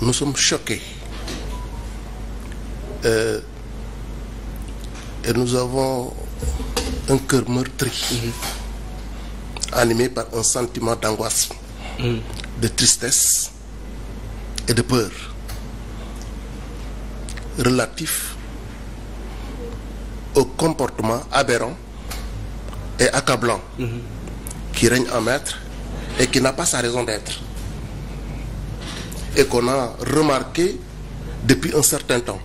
nous sommes choqués euh, et nous avons un cœur meurtri mm-hmm. animé par un sentiment d'angoisse mm-hmm. de tristesse et de peur relatif au comportement aberrant et accablant mmh. qui règne en maître et qui n'a pas sa raison d'être et qu'on a remarqué depuis un certain temps.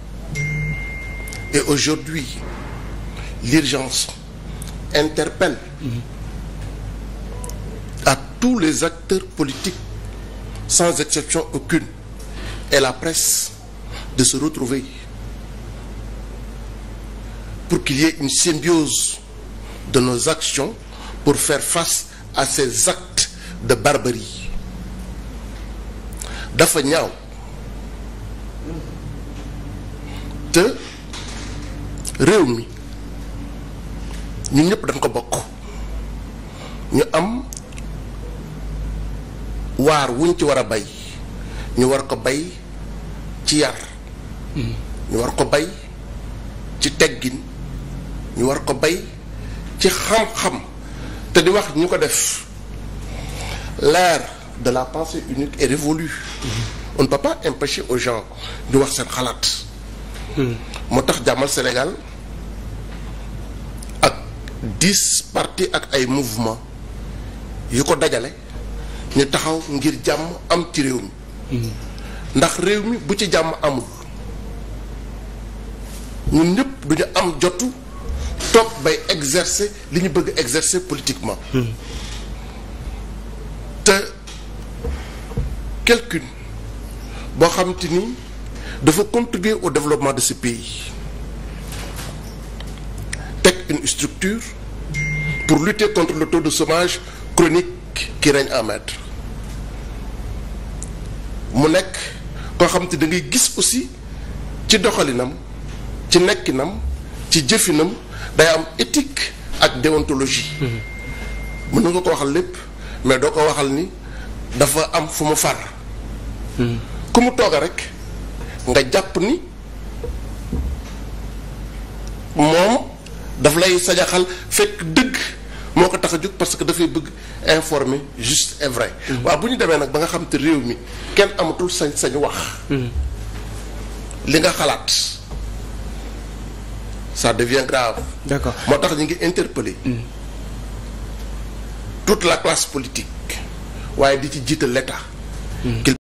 Et aujourd'hui, l'urgence interpelle à tous les acteurs politiques, sans exception aucune, et la presse, de se retrouver pour qu'il y ait une symbiose de nos actions pour faire face à ces actes de barbarie. dafa ñaaw te réew mi ñun ñëpp dañ ko bokk ñu am waar wuñ ci war a bay ñu war ko bay ci yar ñu war ko bay ci teggin ñu war ko bay ci xam-xam te di wax ñu ko def leer de la pensée unique est révolue on ne peut pas empêcher aux wax seen xalaat moo tax jàmmal Sénégal ak dix partis ak ay mouvement yu ko dajale ñu taxaw ngir jàmm am ci réew mi ndax réew mi bu ci jàmm amul ñun ñëpp duñu am jotu toog bay exercer li ñu bëgg exercer politiquement quelqu'une boo xam te ni dafa contribuer au développement de ce pays teg une structure pour lutter contre le taux de chômage chronique qui règne en maître mu nekk koo xam te dangay gis aussi ci doxalinam ci nekkinam ci jëfinam day am éthique ak déontologie mm-hmm. mën na nga ko waxal lépp mais doo ko waxal ni dafa am fu mu far ku mu toog rek nga jàpp ni moom daf lay sajaxal fekk dëgg moo ko tax a jóg parce que dafay bëgg informer juste et vrai. Mm-hmm. bu ñu demee nag ba nga xam te réew mi kenn amatul sañ-sañ wax. Mm-hmm. li nga xalaat ça devient grave. d'accord moo tax ñu ngi interpeller mm. toute la classe politique waaye di ci jiital l'État. Mm.